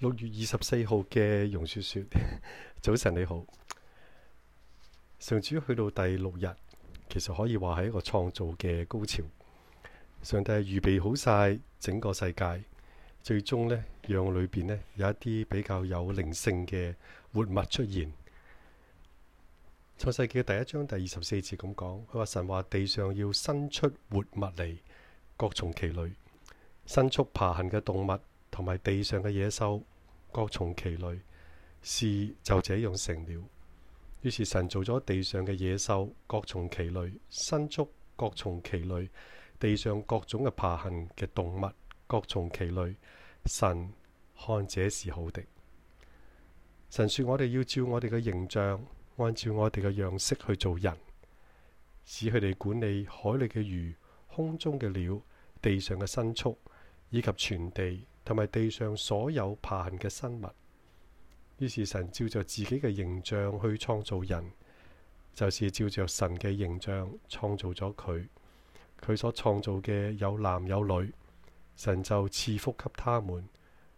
六月二十四號嘅容雪雪，早晨你好。上次去到第六日，其實可以話係一個創造嘅高潮。上帝預備好晒整個世界，最終呢讓裏邊呢有一啲比較有靈性嘅活物出現。創世記嘅第一章第二十四節咁講，佢話神話地上要生出活物嚟，各從其類，牲畜、爬行嘅動物。同埋地上嘅野獸各從其類，事就這樣成了。於是神做咗地上嘅野獸各從其類，牲畜各從其類，地上各種嘅爬行嘅動物各從其類。神看這是好的。神說我哋要照我哋嘅形象，按照我哋嘅樣式去做人，使佢哋管理海裏嘅魚、空中嘅鳥、地上嘅牲畜，以及全地。同埋地上所有爬行嘅生物。於是神照着自己嘅形象去創造人，就是照着神嘅形象創造咗佢。佢所創造嘅有男有女，神就賜福給他們，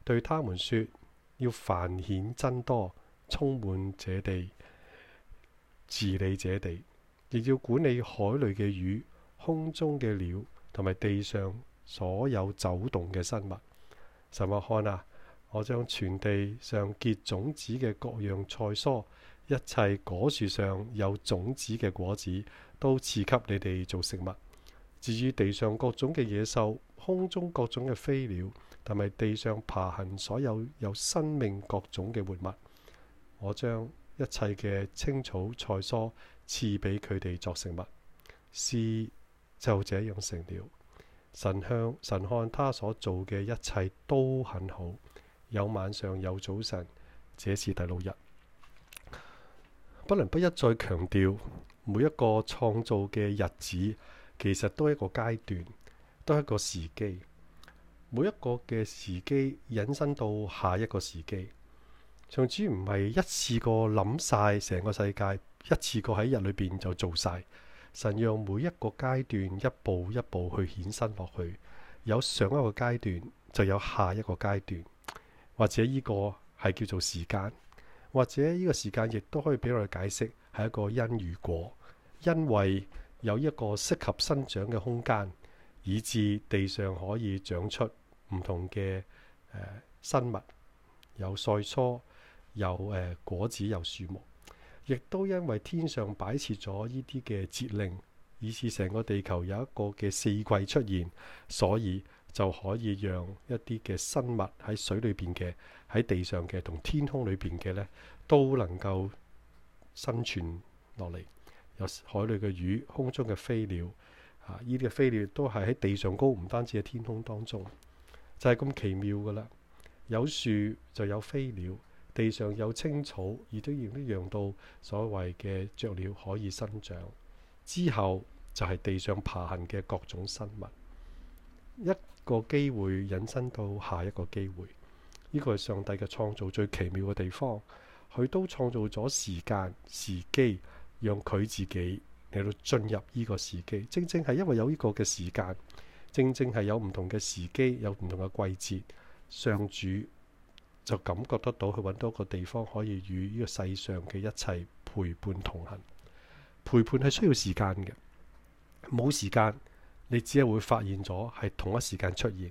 對他們說：要繁衍增多，充滿這地，治理這地，亦要管理海裏嘅魚、空中嘅鳥，同埋地上所有走動嘅生物。神麼看啊！我將全地上結種子嘅各樣菜蔬，一切果樹上有種子嘅果子，都賜給你哋做食物。至於地上各種嘅野獸，空中各種嘅飛鳥，同埋地上爬行所有有生命各種嘅活物，我將一切嘅青草菜蔬賜俾佢哋作食物。事就這樣成了。神向神看他所做嘅一切都很好，有晚上有早晨，這是第六日。不能不一再強調，每一個創造嘅日子其實都係一個階段，都係一個時機。每一個嘅時機引申到下一個時機，從此唔係一次過諗晒成個世界，一次過喺日裏邊就做晒。神讓每一個階段一步一步去衍生落去，有上一個階段就有下一個階段，或者呢個係叫做時間，或者呢個時間亦都可以俾我哋解釋係一個因與果，因為有一個適合生長嘅空間，以至地上可以長出唔同嘅、呃、生物，有菜蔬，有誒、呃、果子，有樹木。亦都因為天上擺設咗呢啲嘅節令，以至成個地球有一個嘅四季出現，所以就可以讓一啲嘅生物喺水裏邊嘅、喺地上嘅同天空裏邊嘅呢，都能夠生存落嚟。有海裡嘅魚、空中嘅飛鳥，啊呢啲嘅飛鳥都係喺地上高，唔單止喺天空當中，就係、是、咁奇妙噶啦。有樹就有飛鳥。地上有青草，而都讓到所謂嘅雀鳥可以生長，之後就係地上爬行嘅各種生物。一個機會引申到下一個機會，呢、呢個係上帝嘅創造最奇妙嘅地方。佢都創造咗時間時機，讓佢自己嚟到進入呢個時機，正正係因為有呢個嘅時間，正正係有唔同嘅時機，有唔同嘅季節，上主就感覺得到，去揾到一個地方可以與呢個世上嘅一切陪伴同行。陪伴係需要時間嘅，冇時間，你只係會發現咗係同一時間出現，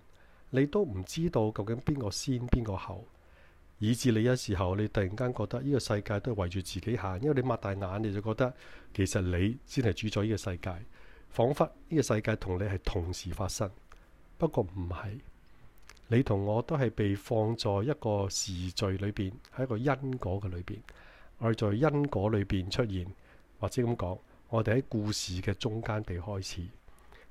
你都唔知道究竟邊個先邊個後，以至你有時候你突然間覺得呢個世界都係圍住自己行，因為你擘大眼你就覺得其實你先係主宰呢個世界，彷彿呢個世界同你係同時發生，不過唔係。你同我都係被放在一個時序裏邊，喺一個因果嘅裏邊。我哋在因果裏邊出現，或者咁講，我哋喺故事嘅中間地開始。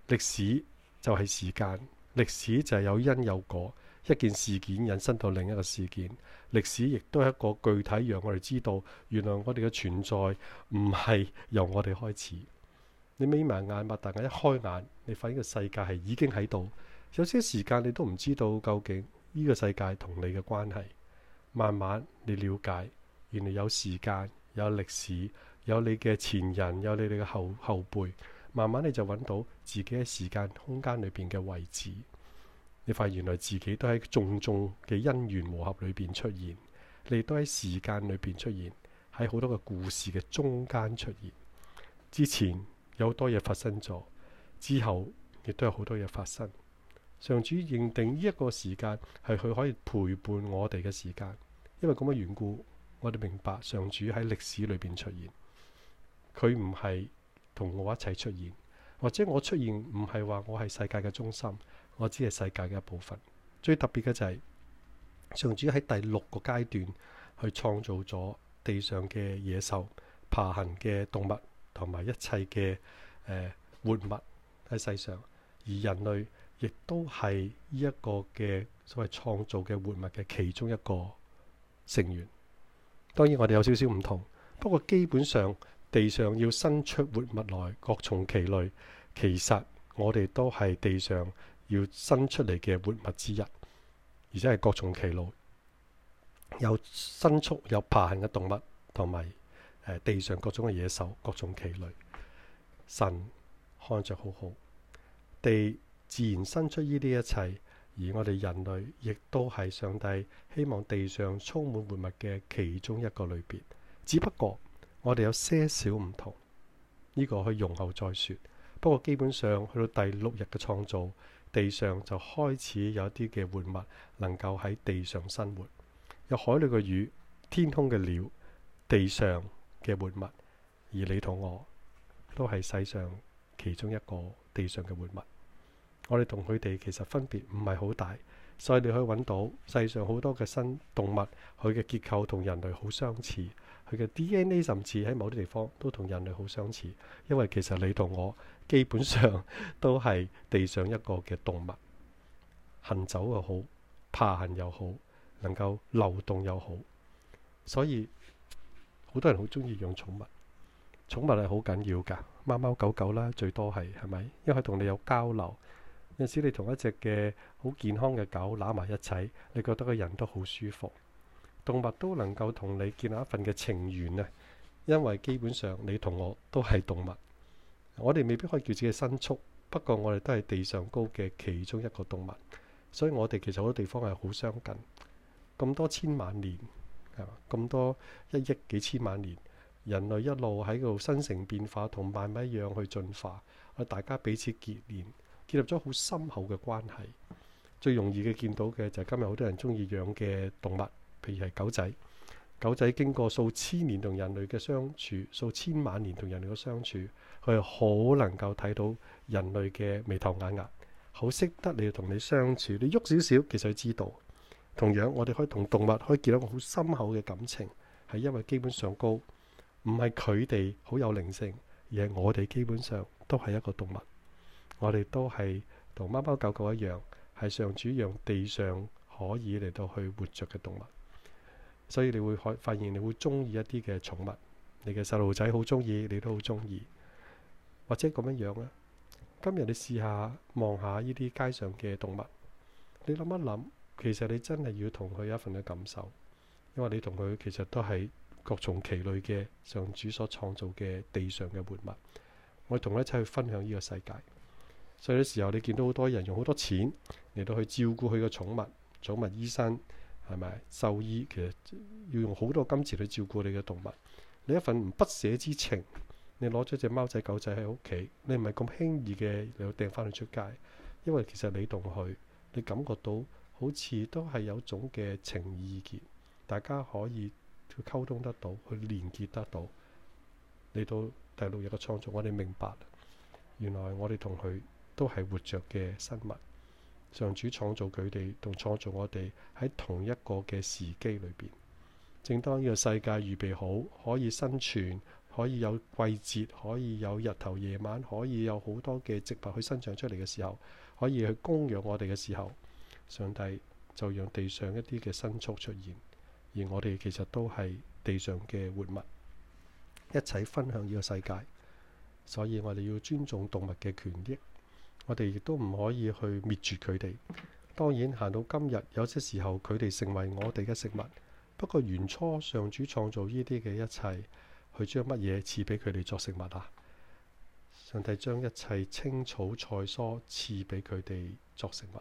歷史就係時間，歷史就係有因有果，一件事件引申到另一個事件。歷史亦都係一個具體，讓我哋知道原來我哋嘅存在唔係由我哋開始。你眯埋眼，擘大眼，一開眼，你發現個世界係已經喺度。有些時間你都唔知道究竟呢個世界同你嘅關係。慢慢你了解，原來有時間、有歷史、有你嘅前人、有你哋嘅後後輩。慢慢你就揾到自己喺時間空間裏邊嘅位置。你發現原來自己都喺種種嘅因緣磨合裏邊出現，你都喺時間裏邊出現，喺好多嘅故事嘅中間出現。之前有好多嘢發生咗，之後亦都有好多嘢發生。上主認定呢一個時間係佢可以陪伴我哋嘅時間，因為咁嘅緣故，我哋明白上主喺歷史裏邊出現，佢唔係同我一齊出現，或者我出現唔係話我係世界嘅中心，我只係世界嘅一部分。最特別嘅就係、是、上主喺第六個階段去創造咗地上嘅野獸、爬行嘅動物同埋一切嘅誒、呃、活物喺世上，而人類，亦都係呢一個嘅所謂創造嘅活物嘅其中一個成員。當然，我哋有少少唔同，不過基本上地上要生出活物來，各從其類。其實我哋都係地上要生出嚟嘅活物之一，而且係各從其類，有伸出、有爬行嘅動物，同埋地上各種嘅野獸、各從其類。神看着好好地。自然生出呢啲一切，而我哋人類亦都係上帝希望地上充滿活物嘅其中一個類別。只不過我哋有些少唔同，呢個可以容後再說。不過基本上去到第六日嘅創造，地上就開始有一啲嘅活物能夠喺地上生活，有海裏嘅魚、天空嘅鳥、地上嘅活物，而你同我都係世上其中一個地上嘅活物。我哋同佢哋其實分別唔係好大，所以你可以揾到世上好多嘅新動物，佢嘅結構同人類好相似，佢嘅 DNA 甚至喺某啲地方都同人類好相似。因為其實你同我基本上都係地上一個嘅動物，行走又好，爬行又好，能夠流動又好，所以好多人好鍾意養寵物。寵物係好緊要㗎，貓貓狗狗啦，最多係，係咪？因為佢同你有交流。有時你同一隻嘅好健康嘅狗攬埋一齊，你覺得個人都好舒服，動物都能夠同你建立一份嘅情緣咧。因為基本上你同我都係動物，我哋未必可以叫自己牲畜。不過我哋都係地上高嘅其中一個動物，所以我哋其實好多地方係好相近。咁多千萬年，咁多一億幾千萬年，人類一路喺度生成變化，同慢慢一樣去進化，大家彼此結連。建立咗好深厚嘅關係，最容易嘅見到嘅就係今日好多人中意養嘅動物，譬如係狗仔。狗仔經過數千年同人類嘅相處，數千萬年同人類嘅相處，佢係好能夠睇到人類嘅眉頭眼額，好識得嚟，同你相處。你喐少少，其實佢知道。同樣，我哋可以同動物可以建立好深厚嘅感情，係因為基本上高，唔係佢哋好有靈性，而係我哋基本上都係一個動物。我哋都係同貓貓狗狗一樣，係上主讓地上可以嚟到去活着嘅動物，所以你會發發現，你會中意一啲嘅寵物，你嘅細路仔好中意，你都好中意，或者咁樣樣咧。今日你試下望下呢啲街上嘅動物，你諗一諗，其實你真係要同佢一份嘅感受，因為你同佢其實都係各從其類嘅上主所創造嘅地上嘅活物。我哋同佢一齊去分享呢個世界。所以啲時候你見到好多人用好多錢嚟到去照顧佢嘅寵物，寵物醫生係咪獸醫？其實要用好多金錢去照顧你嘅動物。你一份唔不捨之情，你攞咗隻貓仔狗仔喺屋企，你唔係咁輕易嘅你又掟翻佢出街，因為其實你同佢，你感覺到好似都係有種嘅情意結，大家可以去溝通得到，去連結得到，你到第六日嘅創作，我哋明白，原來我哋同佢。都係活着嘅生物，上主創造佢哋同創造我哋喺同一個嘅時機裏邊。正當呢個世界預備好可以生存，可以有季節，可以有日頭夜晚，可以有好多嘅植物去生長出嚟嘅時候，可以去供養我哋嘅時候，上帝就讓地上一啲嘅牲畜出現，而我哋其實都係地上嘅活物，一齊分享呢個世界。所以我哋要尊重動物嘅權益。我哋亦都唔可以去滅絕佢哋。當然行到今日，有些時候佢哋成為我哋嘅食物。不過原初上主創造呢啲嘅一切，去將乜嘢賜俾佢哋作食物啊？上帝將一切青草菜蔬賜俾佢哋作食物。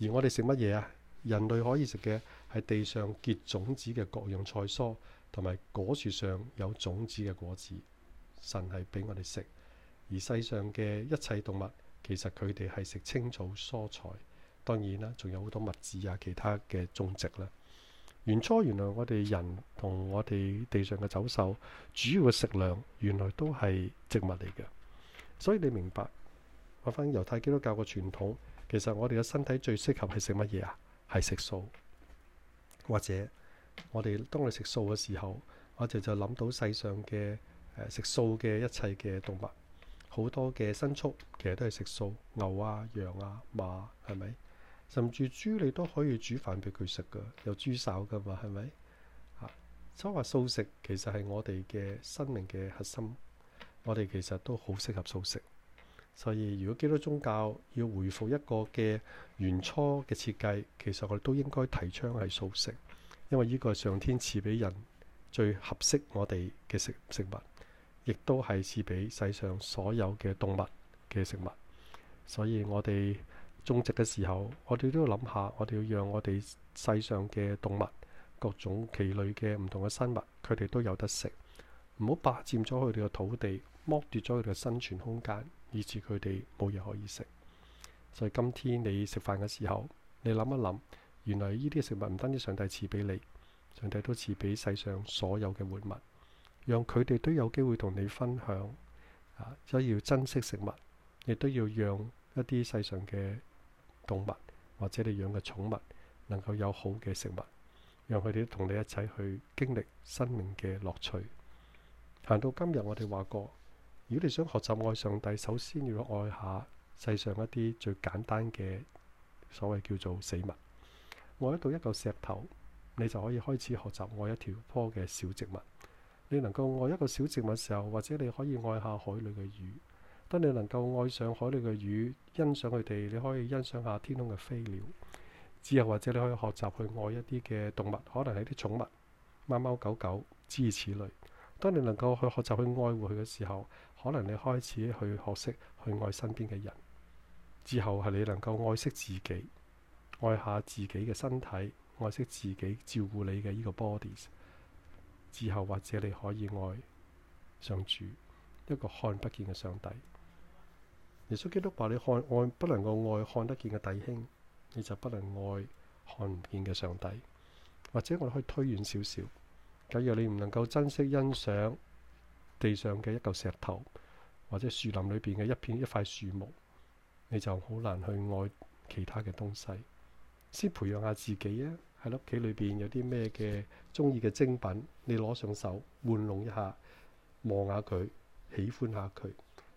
而我哋食乜嘢啊？人類可以食嘅係地上結種子嘅各樣菜蔬，同埋果樹上有種子嘅果子。神係俾我哋食，而世上嘅一切動物。其實佢哋係食青草蔬菜，當然啦，仲有好多物質啊，其他嘅種植啦。原初原來我哋人同我哋地上嘅走獸，主要嘅食糧原來都係植物嚟嘅。所以你明白，話翻猶太基督教嘅傳統，其實我哋嘅身體最適合係食乜嘢啊？係食素。或者我哋當你食素嘅時候，我哋就諗到世上嘅誒食素嘅一切嘅動物。好多嘅牲畜，其實都係食素，牛啊、羊啊、馬，係咪？甚至豬你都可以煮飯俾佢食噶，有豬手噶嘛，係咪？啊，所以話素食其實係我哋嘅生命嘅核心，我哋其實都好適合素食。所以如果基督宗教要回復一個嘅原初嘅設計，其實我哋都應該提倡係素食，因為呢個係上天賜俾人最合適我哋嘅食食物。亦都係賜俾世上所有嘅動物嘅食物，所以我哋種植嘅時候，我哋都要諗下，我哋要讓我哋世上嘅動物、各種奇類嘅唔同嘅生物，佢哋都有得食，唔好霸佔咗佢哋嘅土地，剝奪咗佢哋嘅生存空間，以致佢哋冇嘢可以食。所以今天你食飯嘅時候，你諗一諗，原來呢啲食物唔單止上帝賜俾你，上帝都賜俾世上所有嘅活物。讓佢哋都有機會同你分享，所以要珍惜食物，亦都要讓一啲世上嘅動物或者你養嘅寵物能夠有好嘅食物，讓佢哋同你一齊去經歷生命嘅樂趣。行到今日，我哋話過，如果你想學習愛上帝，首先要愛下世上一啲最簡單嘅所謂叫做死物。愛到一個石頭，你就可以開始學習愛一條坡嘅小植物。你能夠愛一個小植物嘅時候，或者你可以愛下海裡嘅魚。當你能夠愛上海裡嘅魚，欣賞佢哋，你可以欣賞下天空嘅飛鳥。之後或者你可以學習去愛一啲嘅動物，可能係啲寵物、貓貓狗狗諸如此類。當你能夠去學習去愛護佢嘅時候，可能你開始去學識去愛身邊嘅人。之後係你能夠愛惜自己，愛下自己嘅身體，愛惜自己照顧你嘅呢個 body。之後或者你可以愛上主一個看不見嘅上帝。耶穌基督話：「你看，愛不能夠愛看得見嘅弟兄，你就不能愛看唔見嘅上帝。」或者我哋可以推遠少少。假如你唔能夠珍惜欣賞地上嘅一嚿石頭，或者樹林裏邊嘅一片一塊樹木，你就好難去愛其他嘅東西。先培養下自己啊！喺屋企裏邊有啲咩嘅中意嘅精品，你攞上手玩弄一下，望下佢，喜歡下佢。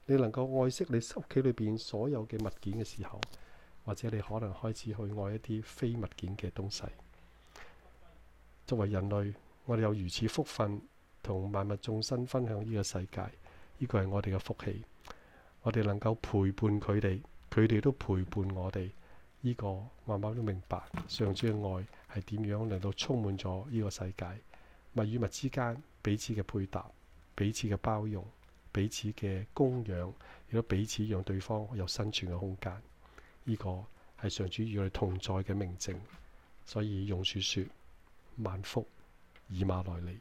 你能夠愛惜你屋企裏邊所有嘅物件嘅時候，或者你可能開始去愛一啲非物件嘅東西。作為人類，我哋有如此福分，同萬物眾生分享呢個世界，呢個係我哋嘅福氣。我哋能夠陪伴佢哋，佢哋都陪伴我哋。呢個慢慢都明白，上主嘅愛。係點樣令到充滿咗呢個世界？物與物之間彼此嘅配搭、彼此嘅包容、彼此嘅供養，亦都彼此讓對方有生存嘅空間。呢、這個係上主與我哋同在嘅明證。所以用説説，萬福以馬內利。